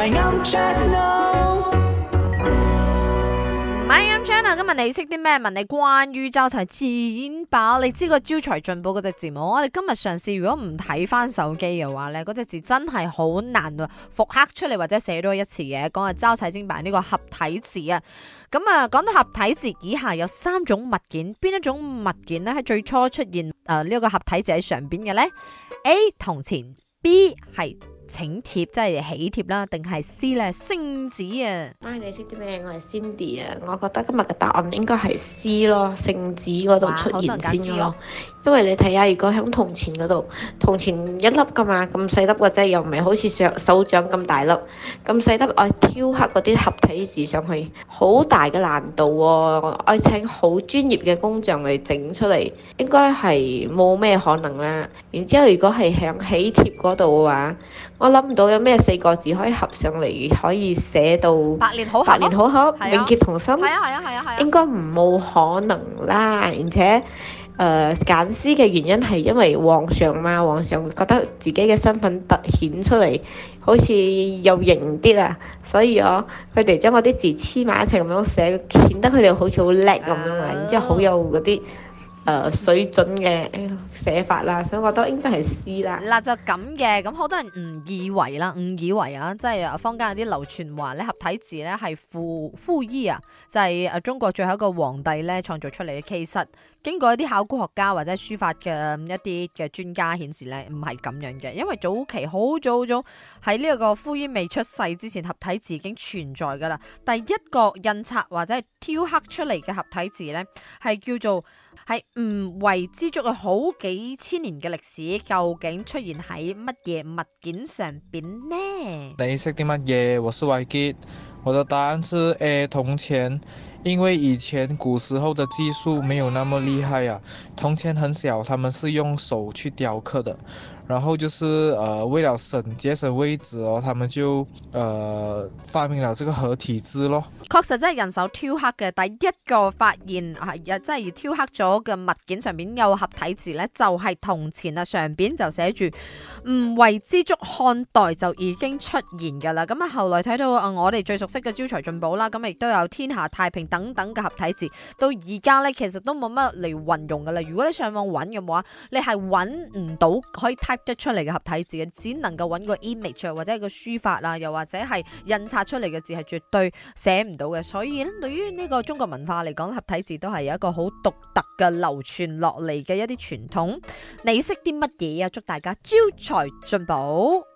My Uncle 今日你識啲咩？問你關於招財進寶，你知個招財進寶嗰隻字冇？我哋今日嘗試，如果唔睇翻手機嘅話咧，嗰隻字真係好難復刻出嚟，或者寫多一次嘅。講下招財進寶呢個合體字啊，咁啊，講到合體字，以下有三種物件，邊一種物件呢？喺最初出現誒呢個合體字喺上邊嘅呢 A 同前 B 係。請帖即係喜帖啦，定係 C 咧？聖旨啊，媽，你識啲咩？我係 Cindy 啊。我覺得今日嘅答案應該係 C 咯，聖旨嗰度出現先咯。因為你睇下，如果響銅錢嗰度，銅錢一粒噶嘛，咁細粒嘅啫，又唔係好似上手掌咁大粒，咁細粒要雕刻嗰啲合體字上去，好大嘅難度喎。我請好專業嘅工匠嚟整出嚟，應該係冇咩可能啦。然之後，如果係響喜帖嗰度嘅話，我諗唔到有咩四個字可以合上嚟，可以寫到百年好合，百年好合、啊，永結同心。係啊係、啊啊啊、應該冇可能啦。而且誒、呃，簡詩嘅原因係因為皇上嘛，皇上覺得自己嘅身份突顯出嚟，好似又有型啲啊，所以我，佢哋將嗰啲字黐埋一齊咁樣寫，顯得佢哋好似好叻咁樣啊，然之後好有嗰啲。誒、呃、水準嘅、哎、寫法啦，所以我覺得應該係詩啦。嗱就咁嘅，咁好多人誤以為啦，誤以為啊，即、就、係、是、坊間有啲流傳話咧合體字咧係溥溥儀啊，就係、是、誒中國最後一個皇帝咧創造出嚟嘅。其實經過一啲考古學家或者書法嘅一啲嘅專家顯示咧，唔係咁樣嘅，因為早期好早好早喺呢一個溥儀未出世之前，合體字已經存在㗎啦。第一個印刷或者係雕刻出嚟嘅合體字咧，係叫做係。為、嗯、之足有好幾千年嘅歷史，究竟出現喺乜嘢物件上邊呢？你識啲乜嘢？我是 Yigit，我的答案是 A 銅錢，因為以前古時候的技術沒有那麼厲害啊，銅錢很小，他們是用手去雕刻的。然後就是，誒、呃，為了省節省位置哦，他們就，誒、呃，發明咗這個合體字咯。確實真係人手雕刻嘅，第一個發現啊，即係雕刻咗嘅物件上面有合體字呢，就係銅錢啊，上邊就寫住“唔為知足”，漢代就已經出現噶啦。咁、嗯、啊，後來睇到、嗯、我哋最熟悉嘅招財進寶啦，咁亦、嗯、都有天下太平等等嘅合體字，到而家呢，其實都冇乜嚟運用噶啦。如果你上網搵嘅話，你係搵唔到可以即出嚟嘅合體字，只能夠揾個 image 或者個書法啊，又或者係印刷出嚟嘅字係絕對寫唔到嘅。所以呢，對於呢個中國文化嚟講，合體字都係有一個好獨特嘅流傳落嚟嘅一啲傳統。你識啲乜嘢啊？祝大家招財進寶！